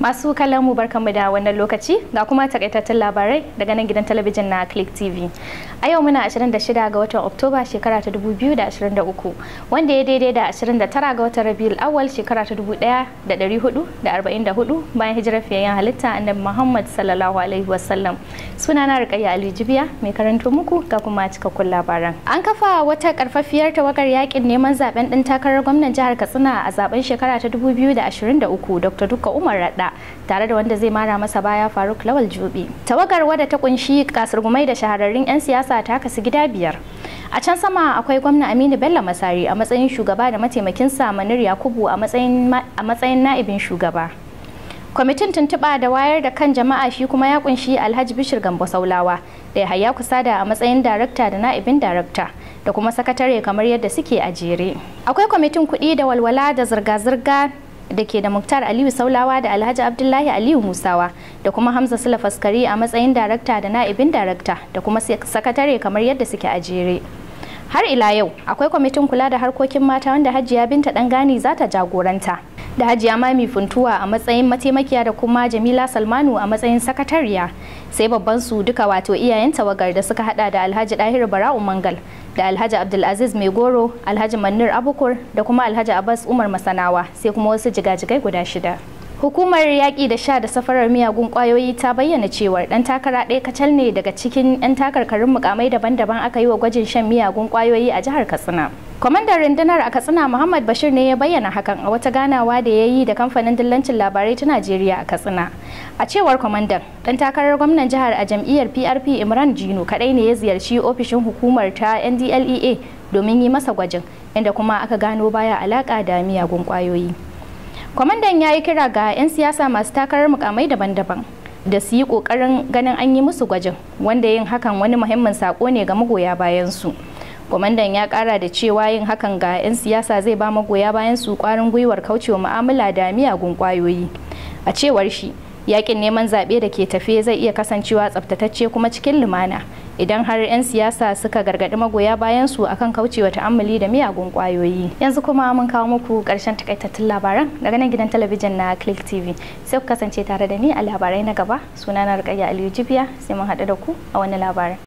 Masu kallon mu barkanmu da wannan lokaci ga kuma takaitattun labarai daga nan gidan talabijin na Click TV. A yau muna 26 ga watan Oktoba shekara ta 2023 wanda ya daidai da 29 ga watan Rabiul Awwal shekara ta 1444 bayan hijirar fiyayyen halitta Annabi Muhammad sallallahu alaihi wasallam. Suna Sunana Rukayya Ali Jibiya mai karanto muku ga kuma cikakkun labaran. An kafa wata karfafiyar tawagar yakin neman zaben ɗin takarar gwamnan jihar Katsina a zaben shekara ta 2023 Dr. Dukka Umar rada tare da wanda zai mara masa baya Faruk Lawal Jubi. Tawagar wadda ta kunshi kasurgumai da shahararrun 'yan siyasa ta kasu gida biyar. A can sama akwai gwamna Aminu Bello Masari a matsayin shugaba da mataimakinsa Manir Yakubu a matsayin na'ibin shugaba. kwamitin tuntuɓa da wayar da kan jama'a shi kuma ya kunshi alhaji bishir gambo saulawa da ya haya kusa da a matsayin darakta da na'ibin darakta da kuma sakatare kamar yadda suke a jere akwai kwamitin kuɗi da walwala da zirga-zirga da ke da Muktar Aliyu Saulawa da Alhaji Abdullahi Aliyu Musawa da kuma Hamza Sula Faskari a matsayin darakta da na'ibin darakta da kuma sakatare kamar yadda suke a jere. Har ila yau akwai kwamitin kula da harkokin mata wanda Hajiya Binta Dangani za ta jagoranta. da hajiya mami funtuwa a matsayin mataimakiya da kuma jamila salmanu a matsayin sakatariya sai babban su duka wato iyayen tawagar da suka hada da alhaji dahir bara'u mangal da alhaji abdulaziz mai goro alhaji manir abukur da kuma alhaji abbas umar masanawa sai kuma wasu jigajigai guda shida Hukumar yaƙi da sha da safarar miyagun ƙwayoyi ta bayyana cewar ɗan takara ɗaya kacal ne daga cikin 'yan takarkarin mukamai daban-daban aka yi wa gwajin shan miyagun ƙwayoyi a jihar Katsina. kwamandan rundunar a katsina muhammad bashir ne ya bayyana hakan a wata ganawa da ya yi da kamfanin dillancin labarai ta najeriya a katsina a cewar kwamandan dan takarar gwamnan jihar a jam'iyyar prp imran jino kadai ne ya ziyarci ofishin hukumar ta ndlea domin yi masa gwajin inda kuma aka gano baya alaka da miyagun kwayoyi kwamandan ya yi kira ga 'yan siyasa masu takarar mukamai daban-daban da su yi kokarin ganin an yi musu gwajin wanda yin hakan wani muhimmin saƙo ne ga magoya bayan su kwamandan ya kara da cewa yin hakan ga 'yan siyasa zai ba magoya bayan su kwarin gwiwar kaucewa mu'amala da miyagun kwayoyi a cewar shi yakin neman zaɓe da ke tafe zai iya kasancewa tsaftatacce kuma cikin lumana idan har 'yan siyasa suka gargaɗi magoya bayan su akan kaucewa ta'ammali da miyagun kwayoyi yanzu kuma mun kawo muku ƙarshen takaitattun labaran daga nan gidan talabijin na click tv sai ku kasance tare da ni a labarai na gaba sunana rikayya aliyu jibiya sai mun haɗu da ku a wani labarin